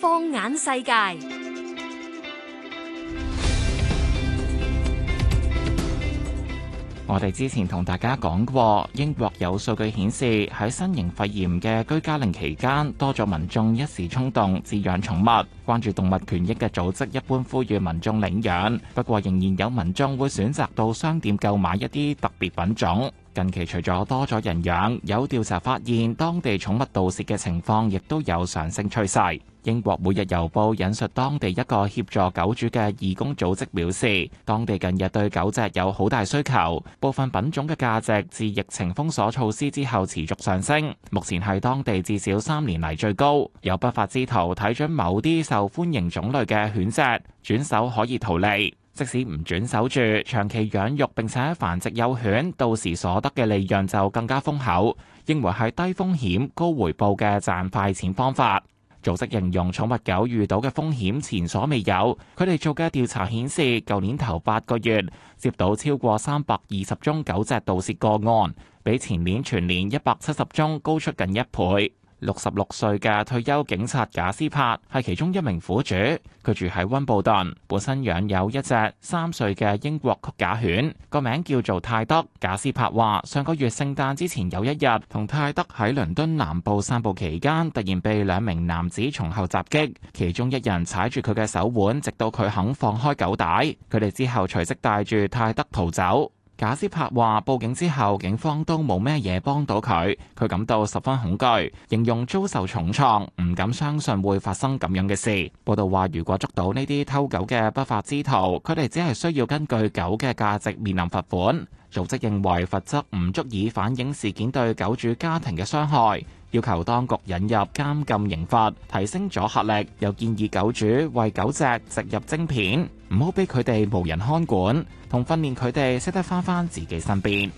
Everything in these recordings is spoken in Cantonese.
放眼世界，我哋之前同大家講過，英國有數據顯示，喺新型肺炎嘅居家令期間，多咗民眾一時衝動飼養寵物。關注動物權益嘅組織一般呼籲民眾領養，不過仍然有民眾會選擇到商店購買一啲特別品種。近期除咗多咗人養，有調查發現，當地寵物盜竊嘅情況亦都有上升趨勢。英國每日郵報引述當地一個協助狗主嘅義工組織表示，當地近日對狗隻有好大需求，部分品種嘅價值自疫情封鎖措施之後持續上升，目前係當地至少三年嚟最高。有不法之徒睇準某啲受歡迎種類嘅犬隻轉手可以圖利。即使唔轉手住，長期養育並且繁殖幼犬，到時所得嘅利潤就更加豐厚，認為係低風險高回報嘅賺快錢方法。組織形容寵物狗遇到嘅風險前所未有，佢哋做嘅調查顯示，舊年頭八個月接到超過三百二十宗狗隻盜竊個案，比前年全年一百七十宗高出近一倍。六十六歲嘅退休警察賈斯柏係其中一名苦主，佢住喺溫布頓，本身養有一隻三歲嘅英國曲架犬，個名叫做泰德。賈斯柏話：上個月聖誕之前有一日，同泰德喺倫敦南部散步期間，突然被兩名男子從後襲擊，其中一人踩住佢嘅手腕，直到佢肯放開狗帶，佢哋之後隨即帶住泰德逃走。賈斯帕話：報警之後，警方都冇咩嘢幫到佢，佢感到十分恐懼，形容遭受重創，唔敢相信會發生咁樣嘅事。報道話，如果捉到呢啲偷狗嘅不法之徒，佢哋只係需要根據狗嘅價值面臨罰款。組織認為罰則唔足以反映事件對狗主家庭嘅傷害，要求當局引入監禁刑罰，提升阻嚇力。又建議狗主為狗隻植入晶片，唔好俾佢哋無人看管，同訓練佢哋識得翻翻自己身邊。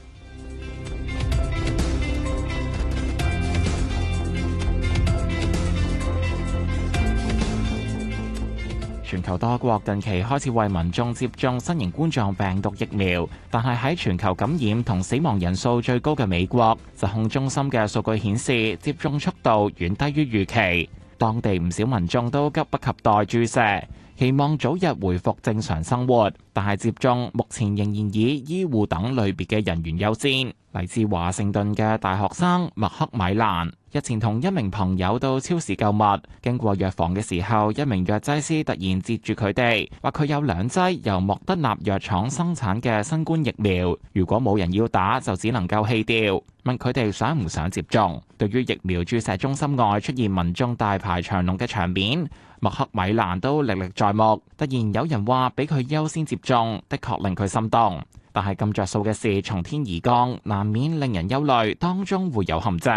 全球多國近期開始為民眾接種新型冠狀病毒疫苗，但係喺全球感染同死亡人數最高嘅美國，疾控中心嘅數據顯示，接種速度遠低於預期。當地唔少民眾都急不及待注射，希望早日回復正常生活。但係接種目前仍然以醫護等類別嘅人員優先。嚟自華盛頓嘅大學生麥克米蘭日前同一名朋友到超市購物，經過藥房嘅時候，一名藥劑師突然接住佢哋，話佢有兩劑由莫德納藥廠生產嘅新冠疫苗，如果冇人要打就只能夠棄掉，問佢哋想唔想接種。對於疫苗注射中心外出現民眾大排長龍嘅場面，麥克米蘭都歷歷在目。突然有人話俾佢優先接。中的確令佢心動，但係咁着數嘅事從天而降，難免令人憂慮，當中會有陷阱，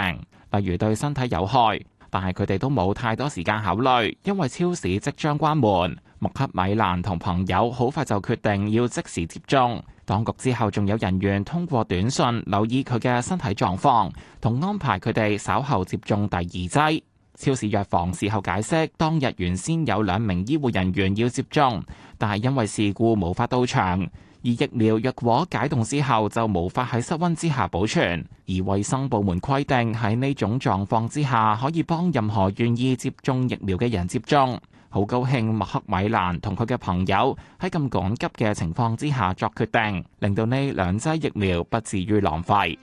例如對身體有害。但係佢哋都冇太多時間考慮，因為超市即將關門。麥克米蘭同朋友好快就決定要即時接種，當局之後仲有人員通過短信留意佢嘅身體狀況，同安排佢哋稍後接種第二劑。超市藥房事後解釋，當日原先有兩名醫護人員要接種，但係因為事故無法到場，而疫苗若果解凍之後就無法喺室温之下保存，而衛生部門規定喺呢種狀況之下可以幫任何願意接種疫苗嘅人接種。好高興麥克米蘭同佢嘅朋友喺咁趕急嘅情況之下作決定，令到呢兩劑疫苗不至於浪費。